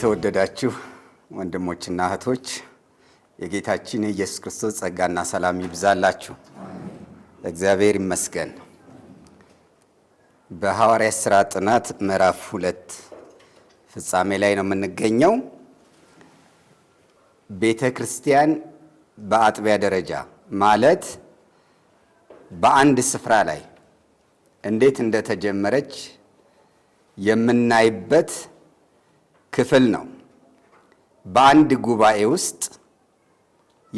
የተወደዳችሁ ወንድሞችና እህቶች የጌታችን የኢየሱስ ክርስቶስ ጸጋና ሰላም ይብዛላችሁ። እግዚአብሔር ይመስገን። በሐዋርያት ሥራ ጥናት ምዕራፍ ሁለት ፍጻሜ ላይ ነው የምንገኘው። ቤተ ክርስቲያን በአጥቢያ ደረጃ ማለት በአንድ ስፍራ ላይ እንዴት እንደተጀመረች የምናይበት ክፍል ነው። በአንድ ጉባኤ ውስጥ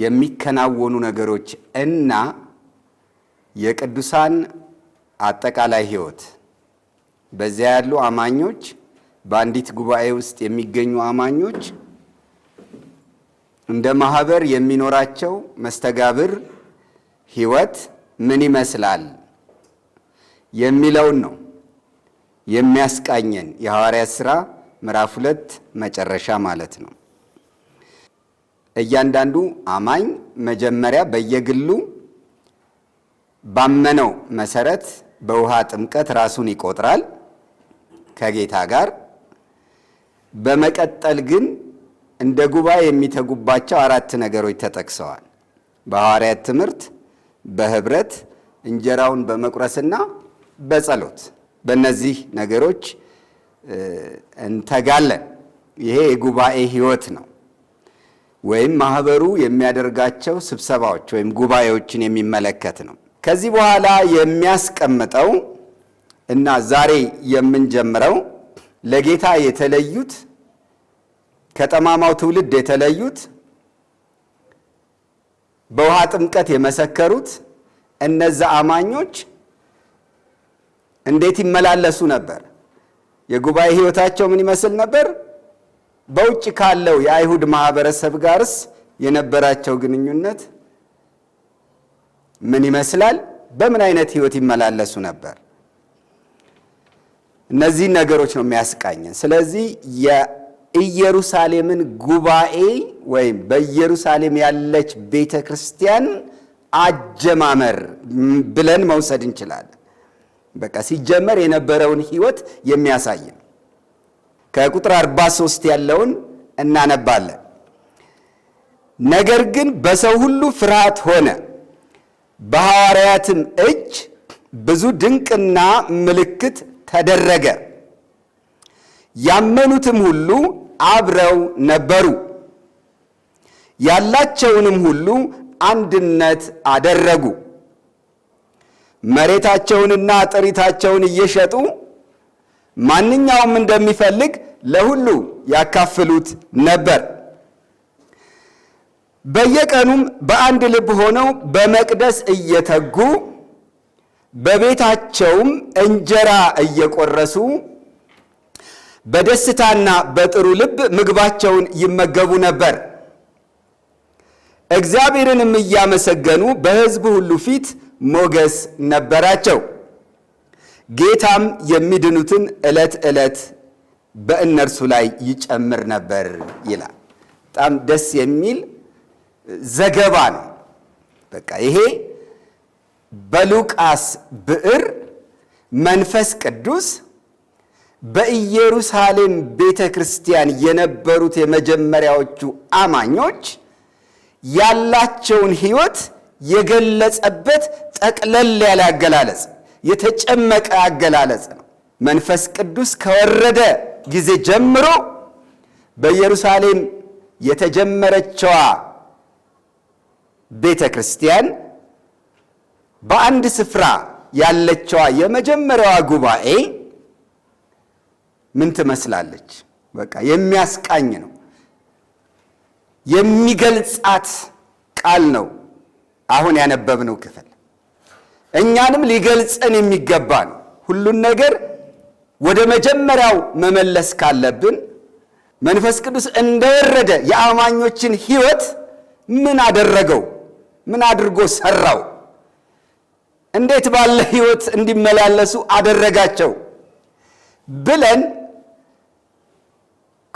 የሚከናወኑ ነገሮች እና የቅዱሳን አጠቃላይ ሕይወት በዚያ ያሉ አማኞች በአንዲት ጉባኤ ውስጥ የሚገኙ አማኞች እንደ ማህበር የሚኖራቸው መስተጋብር ሕይወት ምን ይመስላል የሚለውን ነው የሚያስቃኘን የሐዋርያት ሥራ ምዕራፍ ሁለት መጨረሻ ማለት ነው። እያንዳንዱ አማኝ መጀመሪያ በየግሉ ባመነው መሰረት በውሃ ጥምቀት ራሱን ይቆጥራል ከጌታ ጋር። በመቀጠል ግን እንደ ጉባኤ የሚተጉባቸው አራት ነገሮች ተጠቅሰዋል። በሐዋርያት ትምህርት፣ በህብረት፣ እንጀራውን በመቁረስና በጸሎት በእነዚህ ነገሮች እንተጋለን። ይሄ የጉባኤ ህይወት ነው። ወይም ማህበሩ የሚያደርጋቸው ስብሰባዎች ወይም ጉባኤዎችን የሚመለከት ነው። ከዚህ በኋላ የሚያስቀምጠው እና ዛሬ የምንጀምረው ለጌታ የተለዩት ከጠማማው ትውልድ የተለዩት በውሃ ጥምቀት የመሰከሩት እነዛ አማኞች እንዴት ይመላለሱ ነበር? የጉባኤ ህይወታቸው ምን ይመስል ነበር? በውጭ ካለው የአይሁድ ማህበረሰብ ጋርስ የነበራቸው ግንኙነት ምን ይመስላል? በምን አይነት ህይወት ይመላለሱ ነበር? እነዚህን ነገሮች ነው የሚያስቃኘን። ስለዚህ የኢየሩሳሌምን ጉባኤ ወይም በኢየሩሳሌም ያለች ቤተ ክርስቲያን አጀማመር ብለን መውሰድ እንችላለን። በቃ ሲጀመር የነበረውን ህይወት የሚያሳይ ነው። ከቁጥር 43 ያለውን እናነባለን። ነገር ግን በሰው ሁሉ ፍርሃት ሆነ፣ በሐዋርያትም እጅ ብዙ ድንቅና ምልክት ተደረገ። ያመኑትም ሁሉ አብረው ነበሩ፣ ያላቸውንም ሁሉ አንድነት አደረጉ። መሬታቸውንና ጥሪታቸውን እየሸጡ ማንኛውም እንደሚፈልግ ለሁሉ ያካፍሉት ነበር። በየቀኑም በአንድ ልብ ሆነው በመቅደስ እየተጉ በቤታቸውም እንጀራ እየቆረሱ በደስታና በጥሩ ልብ ምግባቸውን ይመገቡ ነበር። እግዚአብሔርንም እያመሰገኑ በሕዝቡ ሁሉ ፊት ሞገስ ነበራቸው። ጌታም የሚድኑትን ዕለት ዕለት በእነርሱ ላይ ይጨምር ነበር ይላል። በጣም ደስ የሚል ዘገባ ነው። በቃ ይሄ በሉቃስ ብዕር መንፈስ ቅዱስ በኢየሩሳሌም ቤተ ክርስቲያን የነበሩት የመጀመሪያዎቹ አማኞች ያላቸውን ሕይወት የገለጸበት ጠቅለል ያለ አገላለጽ፣ የተጨመቀ አገላለጽ ነው። መንፈስ ቅዱስ ከወረደ ጊዜ ጀምሮ በኢየሩሳሌም የተጀመረችዋ ቤተ ክርስቲያን በአንድ ስፍራ ያለችዋ የመጀመሪያዋ ጉባኤ ምን ትመስላለች? በቃ የሚያስቃኝ ነው። የሚገልጻት ቃል ነው። አሁን ያነበብነው ክፍል እኛንም ሊገልጸን የሚገባ ነው። ሁሉን ነገር ወደ መጀመሪያው መመለስ ካለብን መንፈስ ቅዱስ እንደወረደ የአማኞችን ሕይወት ምን አደረገው? ምን አድርጎ ሰራው? እንዴት ባለ ሕይወት እንዲመላለሱ አደረጋቸው ብለን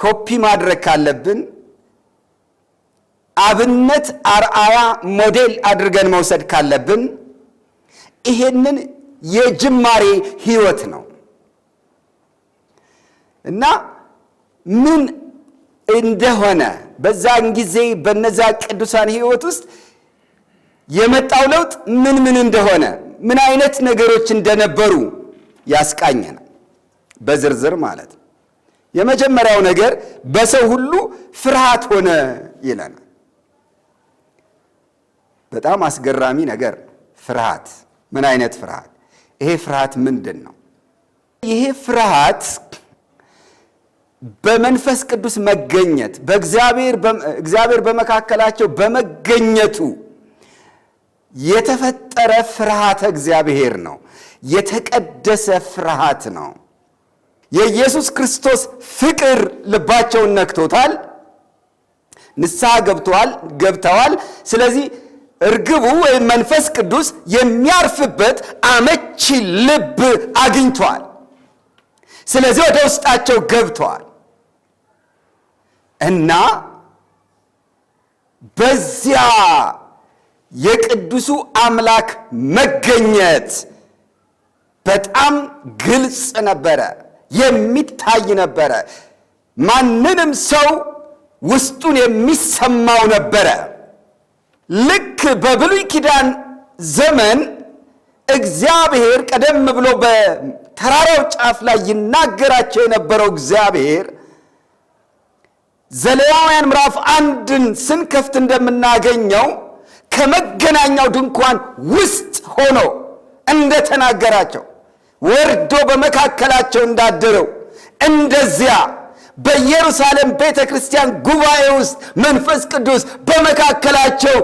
ኮፒ ማድረግ ካለብን አብነት አርአያ ሞዴል አድርገን መውሰድ ካለብን ይሄንን የጅማሬ ህይወት ነው እና ምን እንደሆነ በዛን ጊዜ በነዛ ቅዱሳን ህይወት ውስጥ የመጣው ለውጥ ምን ምን እንደሆነ ምን አይነት ነገሮች እንደነበሩ ያስቃኘናል፣ በዝርዝር ማለት ነው። የመጀመሪያው ነገር በሰው ሁሉ ፍርሃት ሆነ ይለናል። በጣም አስገራሚ ነገር ፍርሃት። ምን አይነት ፍርሃት? ይሄ ፍርሃት ምንድን ነው? ይሄ ፍርሃት በመንፈስ ቅዱስ መገኘት እግዚአብሔር በመካከላቸው በመገኘቱ የተፈጠረ ፍርሃተ እግዚአብሔር ነው። የተቀደሰ ፍርሃት ነው። የኢየሱስ ክርስቶስ ፍቅር ልባቸውን ነክቶታል። ንስሐ ገብተዋል ገብተዋል። ስለዚህ እርግቡ ወይም መንፈስ ቅዱስ የሚያርፍበት አመቺ ልብ አግኝተዋል። ስለዚህ ወደ ውስጣቸው ገብተዋል እና በዚያ የቅዱሱ አምላክ መገኘት በጣም ግልጽ ነበረ፣ የሚታይ ነበረ። ማንንም ሰው ውስጡን የሚሰማው ነበረ። ልክ በብሉይ ኪዳን ዘመን እግዚአብሔር ቀደም ብሎ በተራራው ጫፍ ላይ ይናገራቸው የነበረው እግዚአብሔር ዘሌዋውያን ምዕራፍ አንድን ስንከፍት እንደምናገኘው ከመገናኛው ድንኳን ውስጥ ሆኖ እንደተናገራቸው ወርዶ በመካከላቸው እንዳደረው እንደዚያ በኢየሩሳሌም ቤተ ክርስቲያን ጉባኤ ውስጥ መንፈስ ቅዱስ በመካከላቸው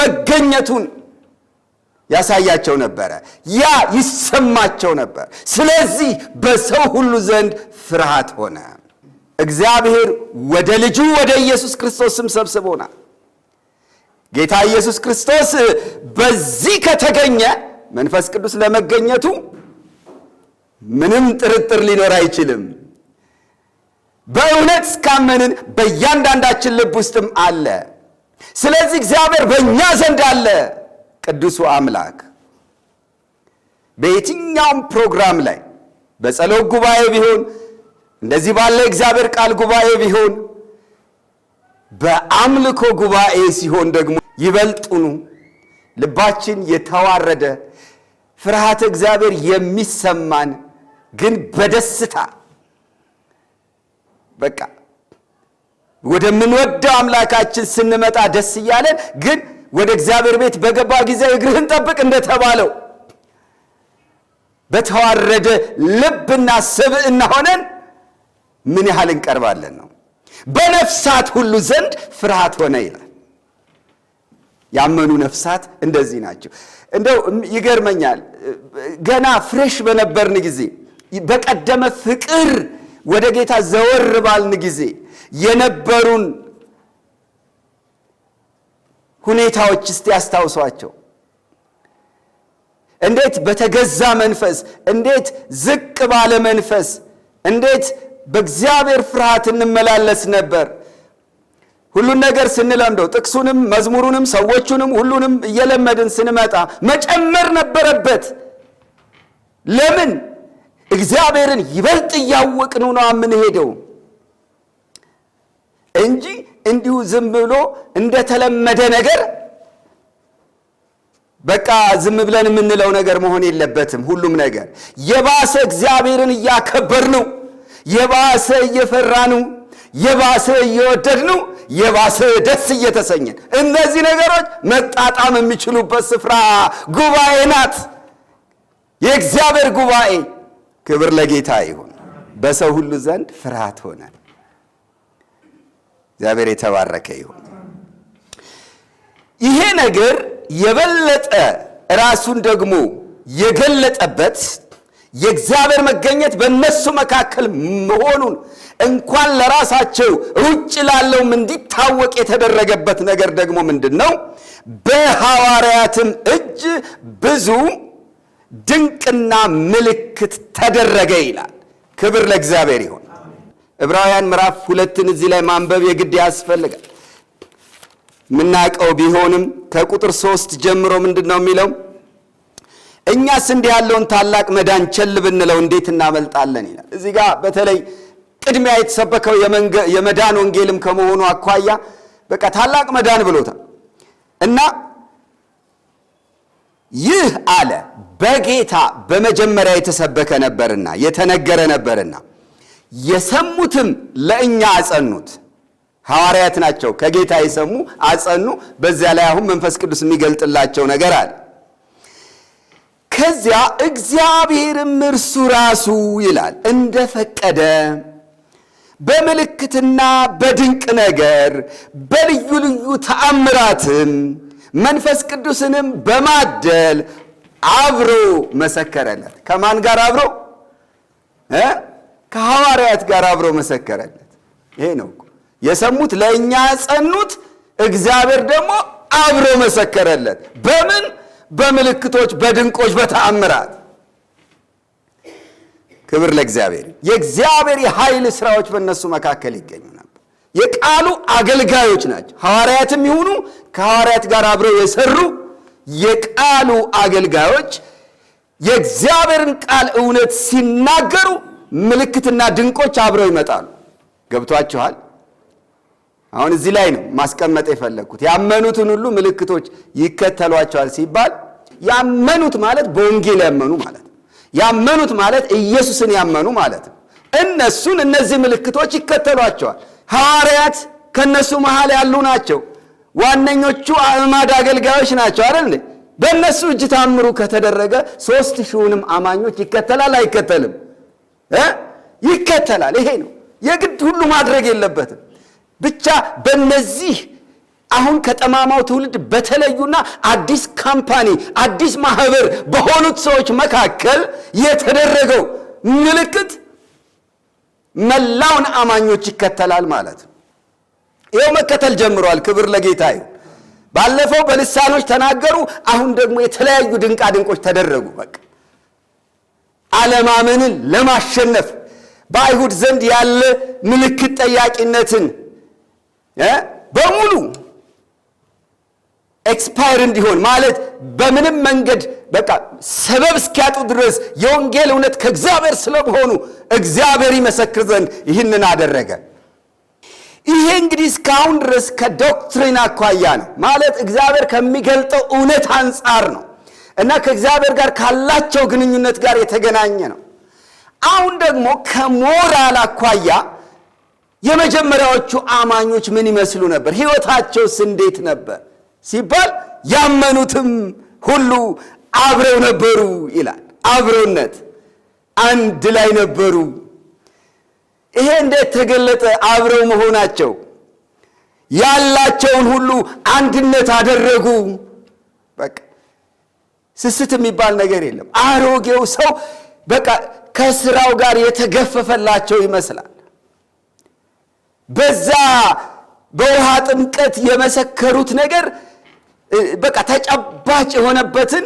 መገኘቱን ያሳያቸው ነበረ። ያ ይሰማቸው ነበር። ስለዚህ በሰው ሁሉ ዘንድ ፍርሃት ሆነ። እግዚአብሔር ወደ ልጁ ወደ ኢየሱስ ክርስቶስም ሰብስቦናል። ጌታ ኢየሱስ ክርስቶስ በዚህ ከተገኘ መንፈስ ቅዱስ ለመገኘቱ ምንም ጥርጥር ሊኖር አይችልም። በእውነት እስካመንን በእያንዳንዳችን ልብ ውስጥም አለ። ስለዚህ እግዚአብሔር በእኛ ዘንድ አለ። ቅዱሱ አምላክ በየትኛውም ፕሮግራም ላይ በጸሎት ጉባኤ ቢሆን እንደዚህ ባለ እግዚአብሔር ቃል ጉባኤ ቢሆን በአምልኮ ጉባኤ ሲሆን ደግሞ ይበልጡኑ ልባችን የተዋረደ ፍርሃተ እግዚአብሔር የሚሰማን ግን በደስታ በቃ ወደምንወደው አምላካችን ስንመጣ ደስ እያለን፣ ግን ወደ እግዚአብሔር ቤት በገባ ጊዜ እግርህን ጠብቅ እንደተባለው በተዋረደ ልብና ስብዕና ሆነን ምን ያህል እንቀርባለን ነው። በነፍሳት ሁሉ ዘንድ ፍርሃት ሆነ ይላል። ያመኑ ነፍሳት እንደዚህ ናቸው። እንደው ይገርመኛል። ገና ፍሬሽ በነበርን ጊዜ በቀደመ ፍቅር ወደ ጌታ ዘወር ባልን ጊዜ የነበሩን ሁኔታዎች እስቲ ያስታውሷቸው። እንዴት በተገዛ መንፈስ፣ እንዴት ዝቅ ባለ መንፈስ፣ እንዴት በእግዚአብሔር ፍርሃት እንመላለስ ነበር። ሁሉን ነገር ስንለምደው ጥቅሱንም መዝሙሩንም ሰዎቹንም ሁሉንም እየለመድን ስንመጣ መጨመር ነበረበት። ለምን? እግዚአብሔርን ይበልጥ እያወቅን ነው የምንሄደው እንጂ እንዲሁ ዝም ብሎ እንደተለመደ ነገር በቃ ዝም ብለን የምንለው ነገር መሆን የለበትም። ሁሉም ነገር የባሰ እግዚአብሔርን እያከበር ነው፣ የባሰ እየፈራ ነው፣ የባሰ እየወደድ ነው፣ የባሰ ደስ እየተሰኘን እነዚህ ነገሮች መጣጣም የሚችሉበት ስፍራ ጉባኤ ናት የእግዚአብሔር ጉባኤ ክብር ለጌታ ይሁን። በሰው ሁሉ ዘንድ ፍርሃት ሆነ። እግዚአብሔር የተባረከ ይሁን። ይሄ ነገር የበለጠ ራሱን ደግሞ የገለጠበት የእግዚአብሔር መገኘት በእነሱ መካከል መሆኑን እንኳን ለራሳቸው ውጭ ላለውም እንዲታወቅ የተደረገበት ነገር ደግሞ ምንድን ነው? በሐዋርያትም እጅ ብዙ ድንቅና ምልክት ተደረገ ይላል። ክብር ለእግዚአብሔር ይሆን። ዕብራውያን ምዕራፍ ሁለትን እዚህ ላይ ማንበብ የግድ ያስፈልጋል። የምናውቀው ቢሆንም ከቁጥር ሶስት ጀምሮ ምንድን ነው የሚለው? እኛስ እንዲህ ያለውን ታላቅ መዳን ቸል ብንለው እንዴት እናመልጣለን ይላል። እዚህ ጋር በተለይ ቅድሚያ የተሰበከው የመዳን ወንጌልም ከመሆኑ አኳያ በቃ ታላቅ መዳን ብሎታል እና ይህ አለ በጌታ በመጀመሪያ የተሰበከ ነበርና የተነገረ ነበርና የሰሙትም ለእኛ አጸኑት። ሐዋርያት ናቸው፣ ከጌታ የሰሙ አጸኑ። በዚያ ላይ አሁን መንፈስ ቅዱስ የሚገልጥላቸው ነገር አለ። ከዚያ እግዚአብሔርም እርሱ ራሱ ይላል እንደፈቀደ በምልክትና በድንቅ ነገር በልዩ ልዩ ተአምራትም መንፈስ ቅዱስንም በማደል አብሮ መሰከረለት። ከማን ጋር አብሮ? ከሐዋርያት ጋር አብሮ መሰከረለት። ይሄ ነው የሰሙት፣ ለእኛ ያጸኑት፣ እግዚአብሔር ደግሞ አብሮ መሰከረለት። በምን? በምልክቶች፣ በድንቆች፣ በተአምራት። ክብር ለእግዚአብሔር። የእግዚአብሔር የኃይል ስራዎች በእነሱ መካከል ይገኙ የቃሉ አገልጋዮች ናቸው። ሐዋርያትም ይሁኑ ከሐዋርያት ጋር አብረው የሰሩ የቃሉ አገልጋዮች የእግዚአብሔርን ቃል እውነት ሲናገሩ ምልክትና ድንቆች አብረው ይመጣሉ። ገብቷችኋል? አሁን እዚህ ላይ ነው ማስቀመጥ የፈለግኩት። ያመኑትን ሁሉ ምልክቶች ይከተሏቸዋል ሲባል ያመኑት ማለት በወንጌል ያመኑ ማለት ነው። ያመኑት ማለት ኢየሱስን ያመኑ ማለት ነው። እነሱን እነዚህ ምልክቶች ይከተሏቸዋል። ሐዋርያት ከእነሱ መሃል ያሉ ናቸው። ዋነኞቹ አእማድ አገልጋዮች ናቸው አይደል? በእነሱ እጅ ታምሩ ከተደረገ ሶስት ሺውንም አማኞች ይከተላል አይከተልም? ይከተላል። ይሄ ነው የግድ ሁሉ ማድረግ የለበትም። ብቻ በነዚህ አሁን ከጠማማው ትውልድ በተለዩና አዲስ ካምፓኒ አዲስ ማህበር በሆኑት ሰዎች መካከል የተደረገው ምልክት መላውን አማኞች ይከተላል ማለት ነው። ይኸው መከተል ጀምረዋል። ክብር ለጌታ ባለፈው በልሳኖች ተናገሩ፣ አሁን ደግሞ የተለያዩ ድንቃ ድንቆች ተደረጉ። በቃ አለማመንን ለማሸነፍ በአይሁድ ዘንድ ያለ ምልክት ጠያቂነትን በሙሉ ኤክስፓየር እንዲሆን ማለት በምንም መንገድ በቃ ሰበብ እስኪያጡ ድረስ የወንጌል እውነት ከእግዚአብሔር ስለመሆኑ እግዚአብሔር ይመሰክር ዘንድ ይህንን አደረገ። ይሄ እንግዲህ እስካሁን ድረስ ከዶክትሪን አኳያ ነው ማለት እግዚአብሔር ከሚገልጠው እውነት አንጻር ነው እና ከእግዚአብሔር ጋር ካላቸው ግንኙነት ጋር የተገናኘ ነው። አሁን ደግሞ ከሞራል አኳያ የመጀመሪያዎቹ አማኞች ምን ይመስሉ ነበር? ሕይወታቸውስ እንዴት ነበር ሲባል ያመኑትም ሁሉ አብረው ነበሩ ይላል። አብረውነት አንድ ላይ ነበሩ። ይሄ እንዴት ተገለጠ? አብረው መሆናቸው ያላቸውን ሁሉ አንድነት አደረጉ። በቃ ስስት የሚባል ነገር የለም። አሮጌው ሰው በቃ ከስራው ጋር የተገፈፈላቸው ይመስላል። በዛ በውሃ ጥምቀት የመሰከሩት ነገር በቃ ተጨባጭ የሆነበትን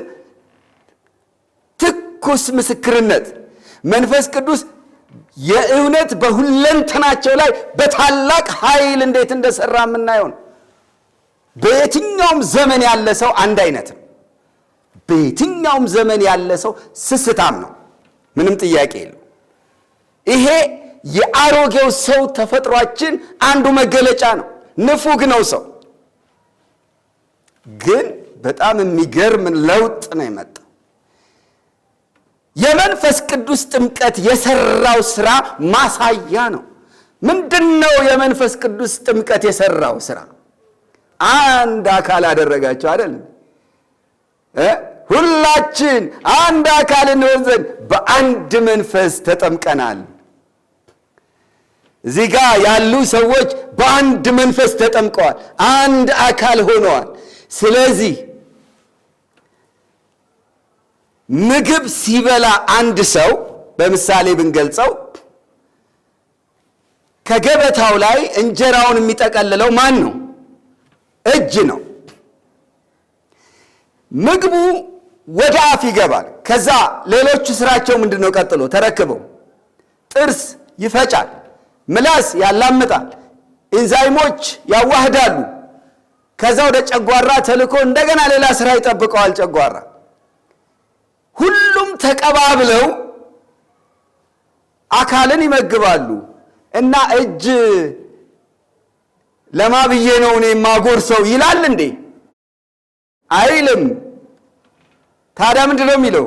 ርኩስ ምስክርነት መንፈስ ቅዱስ የእውነት በሁለንተናቸው ላይ በታላቅ ኃይል እንዴት እንደሰራ የምናየውን። በየትኛውም ዘመን ያለ ሰው አንድ አይነት ነው። በየትኛውም ዘመን ያለ ሰው ስስታም ነው። ምንም ጥያቄ የለው። ይሄ የአሮጌው ሰው ተፈጥሯችን አንዱ መገለጫ ነው። ንፉግ ነው ሰው ግን በጣም የሚገርም ለውጥ ነው የመጣ የመንፈስ ቅዱስ ጥምቀት የሰራው ስራ ማሳያ ነው። ምንድነው የመንፈስ ቅዱስ ጥምቀት የሰራው ስራ? አንድ አካል አደረጋቸው አይደል? ሁላችን አንድ አካል እንሆን ዘንድ በአንድ መንፈስ ተጠምቀናል። እዚህ ጋ ያሉ ሰዎች በአንድ መንፈስ ተጠምቀዋል፣ አንድ አካል ሆነዋል። ስለዚህ ምግብ ሲበላ አንድ ሰው በምሳሌ ብንገልጸው ከገበታው ላይ እንጀራውን የሚጠቀልለው ማን ነው? እጅ ነው። ምግቡ ወደ አፍ ይገባል። ከዛ ሌሎቹ ስራቸው ምንድን ነው? ቀጥሎ ተረክበው ጥርስ ይፈጫል፣ ምላስ ያላምጣል፣ ኢንዛይሞች ያዋህዳሉ። ከዛ ወደ ጨጓራ ተልኮ እንደገና ሌላ ስራ ይጠብቀዋል ጨጓራ ሁሉም ተቀባብለው አካልን ይመግባሉ እና እጅ ለማብዬ ነው እኔ የማጎርሰው ይላል እንዴ? አይልም። ታዲያ ምንድ ነው የሚለው?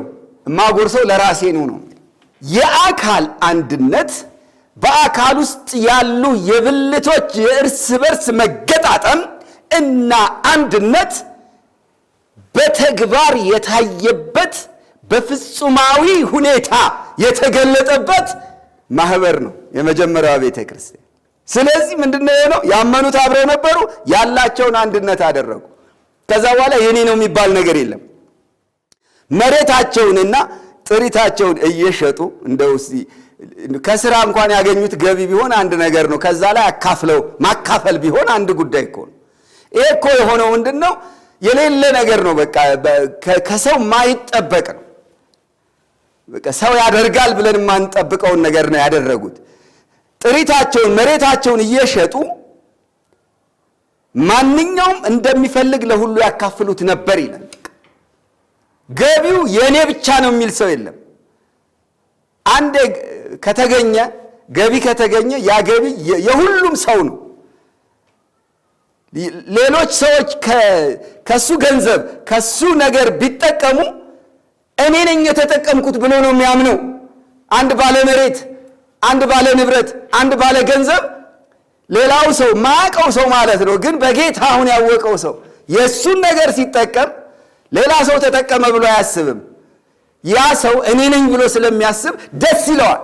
የማጎርሰው ለራሴ ነው ነው። የአካል አንድነት በአካል ውስጥ ያሉ የብልቶች የእርስ በርስ መገጣጠም እና አንድነት በተግባር የታየበት በፍጹማዊ ሁኔታ የተገለጠበት ማህበር ነው የመጀመሪያው ቤተ ክርስቲያን። ስለዚህ ምንድነው ነው ያመኑት አብረው ነበሩ፣ ያላቸውን አንድነት አደረጉ። ከዛ በኋላ የኔ ነው የሚባል ነገር የለም። መሬታቸውንና ጥሪታቸውን እየሸጡ እንደው ከስራ እንኳን ያገኙት ገቢ ቢሆን አንድ ነገር ነው። ከዛ ላይ አካፍለው ማካፈል ቢሆን አንድ ጉዳይ እኮ ነው። ይሄ እኮ የሆነው ምንድን ነው? የሌለ ነገር ነው። በቃ ከሰው ማይጠበቅ ነው። በቃ ሰው ያደርጋል ብለን የማንጠብቀውን ነገር ነው ያደረጉት። ጥሪታቸውን፣ መሬታቸውን እየሸጡ ማንኛውም እንደሚፈልግ ለሁሉ ያካፍሉት ነበር ይላል። ገቢው የእኔ ብቻ ነው የሚል ሰው የለም። አንዴ ከተገኘ ገቢ ከተገኘ ያ ገቢ የሁሉም ሰው ነው። ሌሎች ሰዎች ከሱ ገንዘብ ከሱ ነገር ቢጠቀሙ እኔ ነኝ የተጠቀምኩት ብሎ ነው የሚያምነው። አንድ ባለ መሬት፣ አንድ ባለ ንብረት፣ አንድ ባለ ገንዘብ ሌላው ሰው ማያውቀው ሰው ማለት ነው። ግን በጌታ አሁን ያወቀው ሰው የእሱን ነገር ሲጠቀም ሌላ ሰው ተጠቀመ ብሎ አያስብም። ያ ሰው እኔ ነኝ ብሎ ስለሚያስብ ደስ ይለዋል።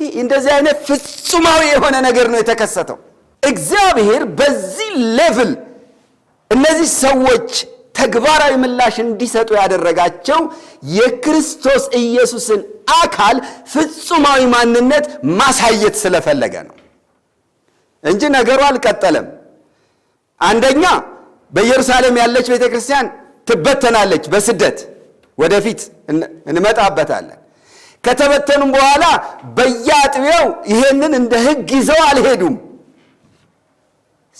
ይህ እንደዚህ አይነት ፍጹማዊ የሆነ ነገር ነው የተከሰተው። እግዚአብሔር በዚህ ሌቭል እነዚህ ሰዎች ተግባራዊ ምላሽ እንዲሰጡ ያደረጋቸው የክርስቶስ ኢየሱስን አካል ፍጹማዊ ማንነት ማሳየት ስለፈለገ ነው እንጂ ነገሩ አልቀጠለም። አንደኛ በኢየሩሳሌም ያለች ቤተ ክርስቲያን ትበተናለች በስደት ወደፊት እንመጣበታለን። ከተበተኑም በኋላ በየአጥቢያው ይሄንን እንደ ህግ ይዘው አልሄዱም።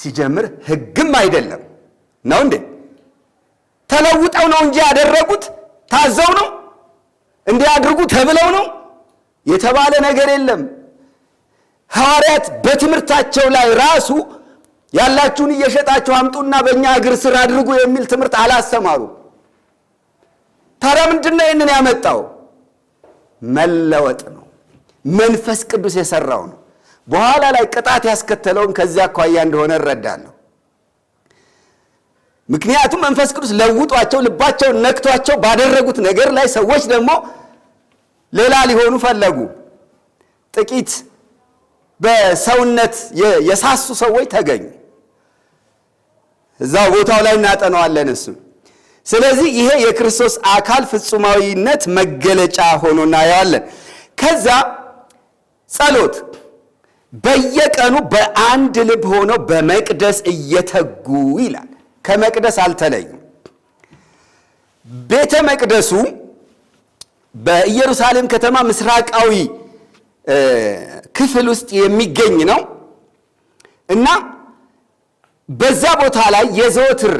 ሲጀምር ህግም አይደለም ነው እንዴ? ተለውጠው ነው እንጂ ያደረጉት ታዘው ነው እንዲያድርጉ ተብለው ነው የተባለ ነገር የለም። ሐዋርያት በትምህርታቸው ላይ ራሱ ያላችሁን እየሸጣችሁ አምጡና በእኛ እግር ስር አድርጉ የሚል ትምህርት አላስተማሩ። ታዲያ ምንድነው ነው ይህንን ያመጣው? መለወጥ ነው። መንፈስ ቅዱስ የሰራው ነው። በኋላ ላይ ቅጣት ያስከተለውን ከዚያ አኳያ እንደሆነ እረዳለሁ። ምክንያቱም መንፈስ ቅዱስ ለውጧቸው ልባቸውን ነክቷቸው ባደረጉት ነገር ላይ ሰዎች ደግሞ ሌላ ሊሆኑ ፈለጉ። ጥቂት በሰውነት የሳሱ ሰዎች ተገኙ። እዛው ቦታው ላይ እናጠነዋለን እሱ። ስለዚህ ይሄ የክርስቶስ አካል ፍጹማዊነት መገለጫ ሆኖ እናየዋለን። ከዛ ጸሎት በየቀኑ በአንድ ልብ ሆነው በመቅደስ እየተጉ ይላል። ከመቅደስ አልተለዩም። ቤተ መቅደሱ በኢየሩሳሌም ከተማ ምስራቃዊ ክፍል ውስጥ የሚገኝ ነው እና በዛ ቦታ ላይ የዘወትር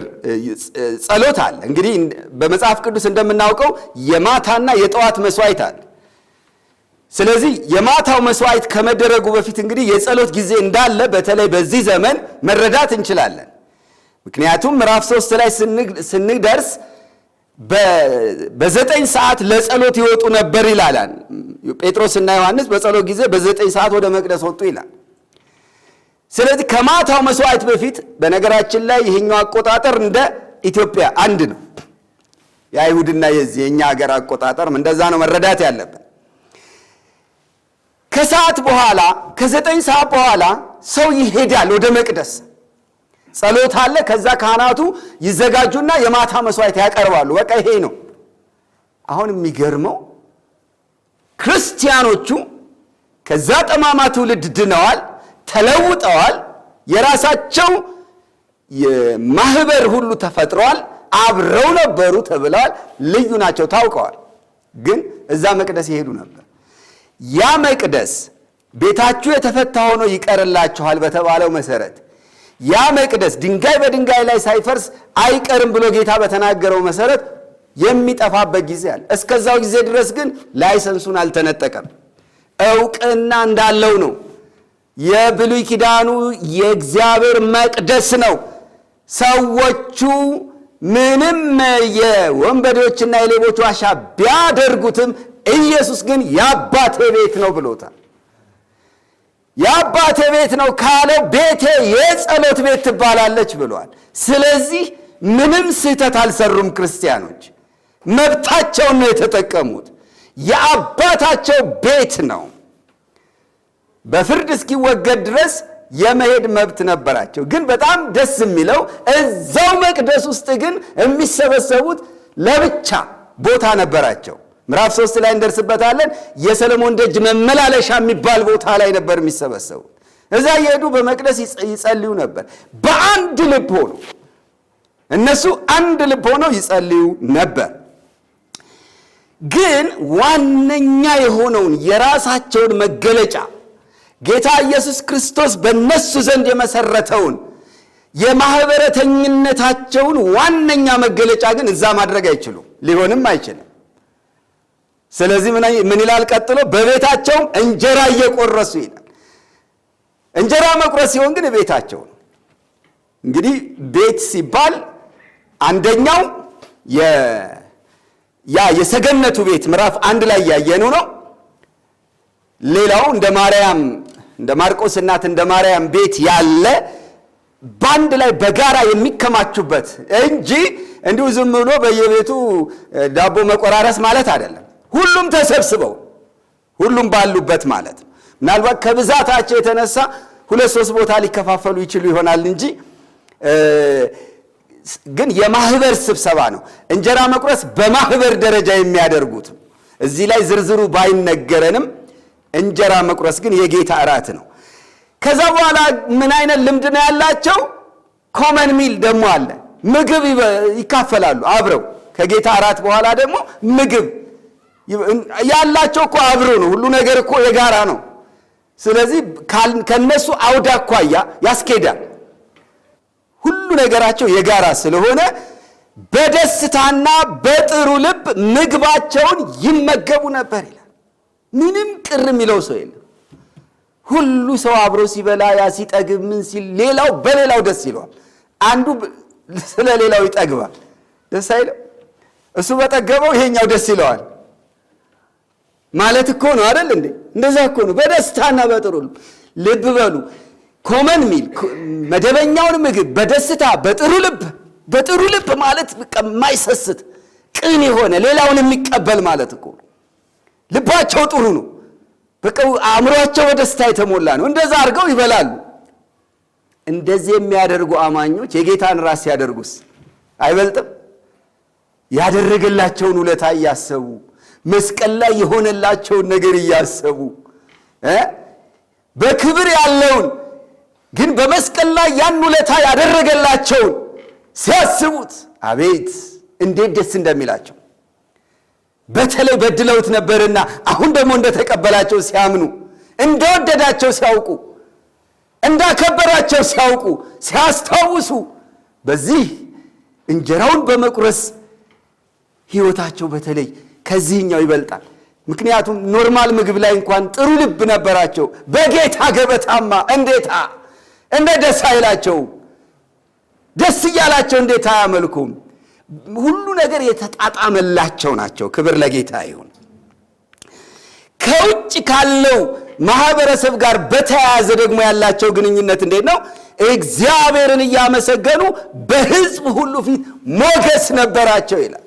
ጸሎት አለ። እንግዲህ በመጽሐፍ ቅዱስ እንደምናውቀው የማታና የጠዋት መስዋዕት አለ። ስለዚህ የማታው መስዋዕት ከመደረጉ በፊት እንግዲህ የጸሎት ጊዜ እንዳለ በተለይ በዚህ ዘመን መረዳት እንችላለን። ምክንያቱም ምዕራፍ ሶስት ላይ ስንደርስ በዘጠኝ ሰዓት ለጸሎት ይወጡ ነበር ይላላል። ጴጥሮስና ዮሐንስ በጸሎት ጊዜ በዘጠኝ ሰዓት ወደ መቅደስ ወጡ ይላል። ስለዚህ ከማታው መስዋዕት በፊት በነገራችን ላይ ይህኛው አቆጣጠር እንደ ኢትዮጵያ አንድ ነው። የአይሁድና የዚህ የእኛ ሀገር አቆጣጠርም እንደዛ ነው መረዳት ያለብን። ከሰዓት በኋላ ከዘጠኝ ሰዓት በኋላ ሰው ይሄዳል ወደ መቅደስ ጸሎት አለ። ከዛ ካህናቱ ይዘጋጁና የማታ መስዋዕት ያቀርባሉ። በቃ ይሄ ነው። አሁን የሚገርመው ክርስቲያኖቹ ከዛ ጠማማ ትውልድ ድነዋል፣ ተለውጠዋል። የራሳቸው ማህበር ሁሉ ተፈጥረዋል። አብረው ነበሩ ተብለዋል። ልዩ ናቸው ታውቀዋል። ግን እዛ መቅደስ ይሄዱ ነበር። ያ መቅደስ ቤታችሁ የተፈታ ሆኖ ይቀርላችኋል በተባለው መሰረት ያ መቅደስ ድንጋይ በድንጋይ ላይ ሳይፈርስ አይቀርም ብሎ ጌታ በተናገረው መሰረት የሚጠፋበት ጊዜ አለ። እስከዛው ጊዜ ድረስ ግን ላይሰንሱን አልተነጠቀም። እውቅና እንዳለው ነው። የብሉይ ኪዳኑ የእግዚአብሔር መቅደስ ነው። ሰዎቹ ምንም የወንበዴዎችና የሌቦች ዋሻ ቢያደርጉትም ኢየሱስ ግን የአባቴ ቤት ነው ብሎታል። የአባቴ ቤት ነው ካለው ቤቴ የጸሎት ቤት ትባላለች ብሏል። ስለዚህ ምንም ስህተት አልሰሩም። ክርስቲያኖች መብታቸውን ነው የተጠቀሙት። የአባታቸው ቤት ነው። በፍርድ እስኪወገድ ድረስ የመሄድ መብት ነበራቸው። ግን በጣም ደስ የሚለው እዛው መቅደስ ውስጥ ግን የሚሰበሰቡት ለብቻ ቦታ ነበራቸው። ምዕራፍ ሶስት ላይ እንደርስበታለን። የሰለሞን ደጅ መመላለሻ የሚባል ቦታ ላይ ነበር የሚሰበሰቡ። እዛ እየሄዱ በመቅደስ ይጸልዩ ነበር። በአንድ ልብ ሆኖ እነሱ አንድ ልብ ሆነው ይጸልዩ ነበር። ግን ዋነኛ የሆነውን የራሳቸውን መገለጫ ጌታ ኢየሱስ ክርስቶስ በእነሱ ዘንድ የመሰረተውን የማኅበረተኝነታቸውን ዋነኛ መገለጫ ግን እዛ ማድረግ አይችሉም፣ ሊሆንም አይችልም። ስለዚህ ምን ይላል ቀጥሎ? በቤታቸውም እንጀራ እየቆረሱ ይላል። እንጀራ መቁረስ ሲሆን ግን ቤታቸው ነው። እንግዲህ ቤት ሲባል አንደኛው ያ የሰገነቱ ቤት ምዕራፍ አንድ ላይ ያየኑ ነው። ሌላው እንደ ማርያም እንደ ማርቆስ እናት እንደ ማርያም ቤት ያለ በአንድ ላይ በጋራ የሚከማቹበት እንጂ እንዲሁ ዝም ብሎ በየቤቱ ዳቦ መቆራረስ ማለት አይደለም። ሁሉም ተሰብስበው ሁሉም ባሉበት ማለት ነው። ምናልባት ከብዛታቸው የተነሳ ሁለት ሶስት ቦታ ሊከፋፈሉ ይችሉ ይሆናል እንጂ ግን የማህበር ስብሰባ ነው። እንጀራ መቁረስ በማህበር ደረጃ የሚያደርጉት እዚህ ላይ ዝርዝሩ ባይነገረንም እንጀራ መቁረስ ግን የጌታ እራት ነው። ከዛ በኋላ ምን አይነት ልምድ ነው ያላቸው? ኮመን ሚል ደግሞ አለ። ምግብ ይካፈላሉ አብረው ከጌታ እራት በኋላ ደግሞ ምግብ ያላቸው እኮ አብሮ ነው። ሁሉ ነገር እኮ የጋራ ነው። ስለዚህ ከነሱ አውድ አኳያ ያስኬዳል። ሁሉ ነገራቸው የጋራ ስለሆነ በደስታና በጥሩ ልብ ምግባቸውን ይመገቡ ነበር ይላል። ምንም ቅር የሚለው ሰው የለም። ሁሉ ሰው አብሮ ሲበላ ያ ሲጠግብ ምን ሲል ሌላው በሌላው ደስ ይለዋል። አንዱ ስለ ሌላው ይጠግባል። ደስ አይለው? እሱ በጠገበው ይሄኛው ደስ ይለዋል። ማለት እኮ ነው አይደል እንዴ? እንደዛ እኮ ነው። በደስታና በጥሩ ልብ በሉ። ኮመን ሚል መደበኛውን ምግብ በደስታ በጥሩ ልብ በጥሩ ልብ ማለት የማይሰስት ቅን የሆነ ሌላውን የሚቀበል ማለት እኮ ልባቸው ጥሩ ነው። በቃ አእምሯቸው በደስታ የተሞላ ነው። እንደዛ አድርገው ይበላሉ። እንደዚህ የሚያደርጉ አማኞች የጌታን ራስ ሲያደርጉስ አይበልጥም? ያደረገላቸውን ውለታ እያሰቡ መስቀል ላይ የሆነላቸውን ነገር እያሰቡ በክብር ያለውን ግን በመስቀል ላይ ያን ውለታ ያደረገላቸውን ሲያስቡት አቤት እንዴት ደስ እንደሚላቸው በተለይ በድለውት ነበርና አሁን ደግሞ እንደተቀበላቸው ሲያምኑ፣ እንደወደዳቸው ሲያውቁ፣ እንዳከበራቸው ሲያውቁ ሲያስታውሱ በዚህ እንጀራውን በመቁረስ ሕይወታቸው በተለይ ከዚህኛው ይበልጣል። ምክንያቱም ኖርማል ምግብ ላይ እንኳን ጥሩ ልብ ነበራቸው። በጌታ ገበታማ እንዴታ እንደ ደስ አይላቸው? ደስ እያላቸው እንዴት አያመልኩም? ሁሉ ነገር የተጣጣመላቸው ናቸው። ክብር ለጌታ ይሁን። ከውጭ ካለው ማህበረሰብ ጋር በተያያዘ ደግሞ ያላቸው ግንኙነት እንዴት ነው? እግዚአብሔርን እያመሰገኑ በሕዝብ ሁሉ ፊት ሞገስ ነበራቸው ይላል።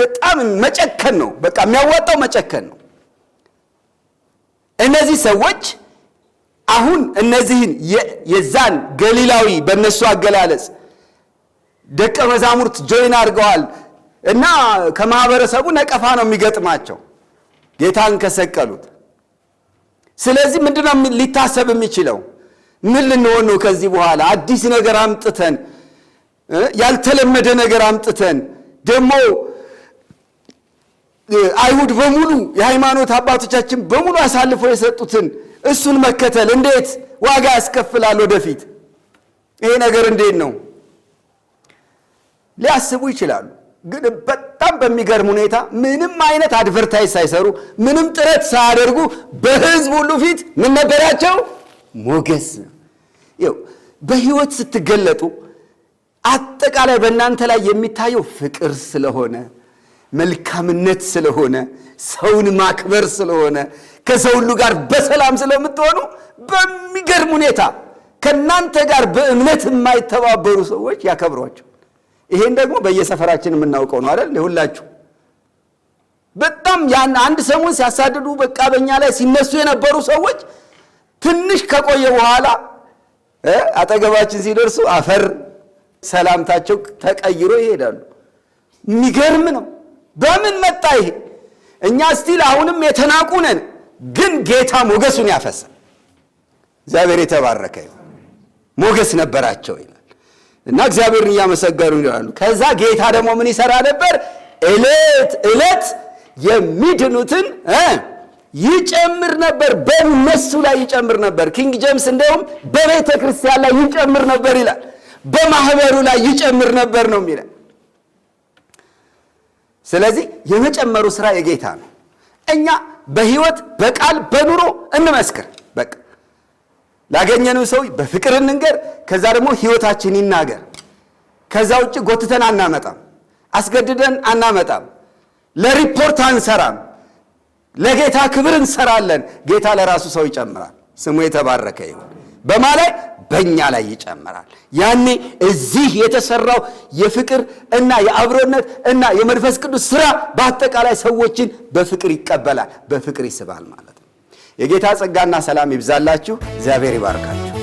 በጣም መጨከን ነው። በቃ የሚያዋጣው መጨከን ነው። እነዚህ ሰዎች አሁን እነዚህን የዛን ገሊላዊ በእነሱ አገላለጽ ደቀ መዛሙርት ጆይን አድርገዋል እና ከማህበረሰቡ ነቀፋ ነው የሚገጥማቸው ጌታን ከሰቀሉት። ስለዚህ ምንድነው ሊታሰብ የሚችለው? ምን ልንሆን ነው? ከዚህ በኋላ አዲስ ነገር አምጥተን ያልተለመደ ነገር አምጥተን ደግሞ አይሁድ በሙሉ የሃይማኖት አባቶቻችን በሙሉ አሳልፈው የሰጡትን እሱን መከተል እንዴት ዋጋ ያስከፍላል ወደፊት። ይሄ ነገር እንዴት ነው ሊያስቡ ይችላሉ። ግን በጣም በሚገርም ሁኔታ ምንም አይነት አድቨርታይዝ ሳይሰሩ ምንም ጥረት ሳያደርጉ በህዝብ ሁሉ ፊት ምን ነበራቸው? ሞገስ ነው። በህይወት ስትገለጡ አጠቃላይ በእናንተ ላይ የሚታየው ፍቅር ስለሆነ መልካምነት ስለሆነ ሰውን ማክበር ስለሆነ ከሰው ሁሉ ጋር በሰላም ስለምትሆኑ በሚገርም ሁኔታ ከእናንተ ጋር በእምነት የማይተባበሩ ሰዎች ያከብሯቸው። ይሄን ደግሞ በየሰፈራችን የምናውቀው ነው አይደል? ሁላችሁ በጣም ያን አንድ ሰሞን ሲያሳድዱ በቃ በእኛ ላይ ሲነሱ የነበሩ ሰዎች ትንሽ ከቆየ በኋላ አጠገባችን ሲደርሱ አፈር ሰላምታቸው ተቀይሮ ይሄዳሉ። የሚገርም ነው። በምን መጣ ይሄ? እኛ ስቲል አሁንም የተናቁ ነን፣ ግን ጌታ ሞገሱን ያፈሳል። እግዚአብሔር የተባረከ ሞገስ ነበራቸው ይላል እና እግዚአብሔርን እያመሰገኑ ይላሉ። ከዛ ጌታ ደግሞ ምን ይሰራ ነበር? እለት እለት የሚድኑትን ይጨምር ነበር፣ በነሱ ላይ ይጨምር ነበር። ኪንግ ጄምስ እንደውም በቤተ ክርስቲያን ላይ ይጨምር ነበር ይላል፣ በማህበሩ ላይ ይጨምር ነበር ነው የሚለው ስለዚህ የመጨመሩ ስራ የጌታ ነው። እኛ በህይወት በቃል በኑሮ እንመስክር። በቃ ላገኘነው ሰው በፍቅር እንንገር። ከዛ ደግሞ ህይወታችን ይናገር። ከዛ ውጭ ጎትተን አናመጣም፣ አስገድደን አናመጣም፣ ለሪፖርት አንሰራም። ለጌታ ክብር እንሰራለን። ጌታ ለራሱ ሰው ይጨምራል። ስሙ የተባረከ ይሁን በማለት በእኛ ላይ ይጨምራል። ያኔ እዚህ የተሰራው የፍቅር እና የአብሮነት እና የመንፈስ ቅዱስ ስራ በአጠቃላይ ሰዎችን በፍቅር ይቀበላል፣ በፍቅር ይስባል ማለት ነው። የጌታ ጸጋና ሰላም ይብዛላችሁ። እግዚአብሔር ይባርካችሁ።